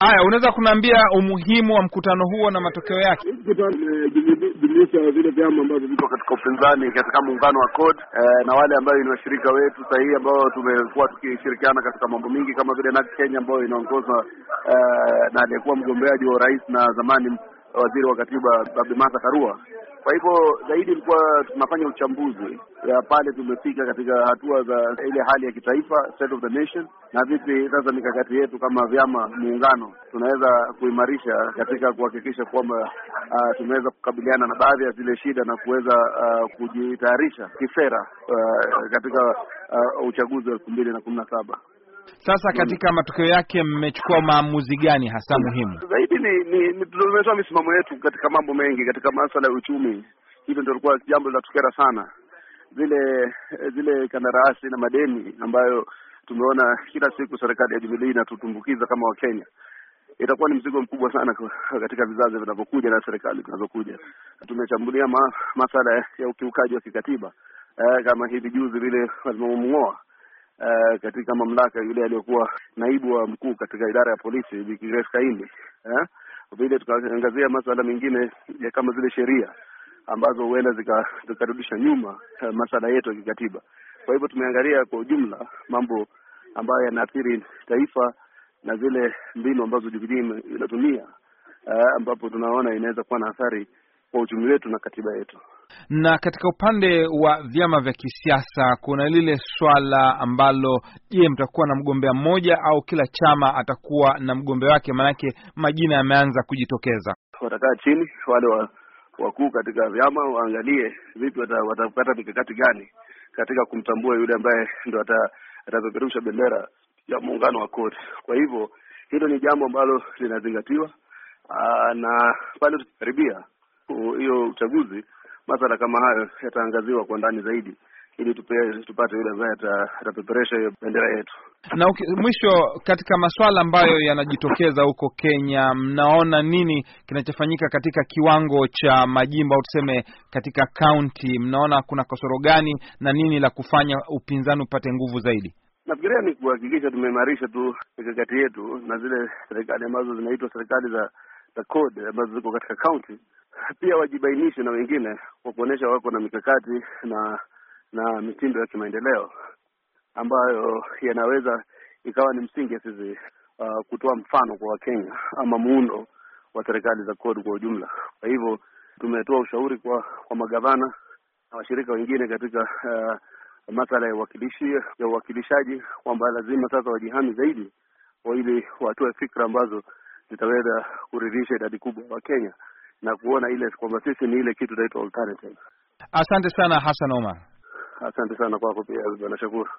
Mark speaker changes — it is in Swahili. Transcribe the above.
Speaker 1: Haya, unaweza kuniambia umuhimu wa mkutano huo na matokeo yake?
Speaker 2: Jumuisha vile vyama ambavyo viko katika upinzani katika muungano wa CORD eh, na wale ambayo ni washirika wetu sahihi ambao tumekuwa tukishirikiana katika mambo mingi kama vile NARC Kenya ambayo inaongozwa eh, na aliyekuwa mgombeaji wa urais na zamani waziri wa katiba Babi Karua. Kwa hivyo zaidi ilikuwa tunafanya uchambuzi ya pale tumefika katika hatua za ile hali ya kitaifa, state of the nation, na vipi sasa mikakati yetu kama vyama muungano tunaweza kuimarisha katika kuhakikisha kwamba uh, tumeweza kukabiliana na baadhi ya zile shida na kuweza uh, kujitayarisha kisera uh, ah, katika
Speaker 1: uh, uchaguzi wa elfu mbili na kumi na saba. Sasa katika matokeo yake mmechukua maamuzi gani hasa muhimu zaidi?
Speaker 2: Ni, ni, ni tumetoa misimamo yetu katika mambo mengi, katika masuala ya uchumi. Hilo ndio lilikuwa jambo linatukera sana, zile zile kandarasi na madeni ambayo tumeona kila siku serikali ya Jubilee inatutumbukiza kama Wakenya itakuwa ni mzigo mkubwa sana katika vizazi vinavyokuja na serikali zinazokuja. Tumechambulia ma, masala ya ukiukaji wa kikatiba eh, kama hivi juzi vile walivyomng'oa uh, katika mamlaka yule aliyokuwa naibu wa mkuu katika idara ya polisi Bi Grace Kaimbi eh? Vile tukaangazia masuala mengine ya kama zile sheria ambazo huenda zikarudisha nyuma uh, eh, masuala yetu ya kikatiba. Kwa hivyo tumeangalia kwa ujumla mambo ambayo yanaathiri taifa na zile mbinu ambazo Jubilee inatumia uh, ambapo tunaona inaweza kuwa na athari kwa uchumi wetu na katiba yetu.
Speaker 1: Na katika upande wa vyama vya kisiasa kuna lile swala ambalo, je, mtakuwa na mgombea mmoja au kila chama atakuwa na mgombea wake? Maanake majina yameanza kujitokeza.
Speaker 2: Watakaa chini wale wa wakuu katika vyama waangalie vipi watapata mikakati gani katika kumtambua yule ambaye ndo atapeperusha bendera ya muungano wa koti Kwa hivyo hilo ni jambo ambalo linazingatiwa na pale tukikaribia hiyo uchaguzi, masala kama hayo yataangaziwa kwa ndani zaidi ili tupate yule ambaye atapeperesha hiyo bendera yetu.
Speaker 1: Na uki, mwisho, katika masuala ambayo yanajitokeza huko Kenya, mnaona nini kinachofanyika katika kiwango cha majimbo au tuseme katika kaunti? Mnaona kuna kasoro gani na nini la kufanya upinzani upate nguvu zaidi?
Speaker 2: Nafikiria ni kuhakikisha tumeimarisha tu mikakati yetu na zile serikali ambazo zinaitwa serikali za za ambazo ziko katika kaunti pia wajibainishe na wengine kwa kuonyesha wako na mikakati na na mitindo ya kimaendeleo ambayo yanaweza ikawa ni msingi sisi uh, kutoa mfano kwa Wakenya ama muundo wa serikali za kodi kwa ujumla. Kwa hivyo tumetoa ushauri kwa kwa magavana na washirika wengine katika uh, masala ya uwakilishi ya uwakilishaji kwamba lazima sasa wajihami zaidi, ili watoe fikra ambazo zitaweza kuridhisha idadi kubwa ya Wakenya na kuona ile kwamba sisi ni ile kitu inaitwa alternative.
Speaker 1: Asante sana Hassan Omar.
Speaker 2: Asante sana kwako pia, nashukuru.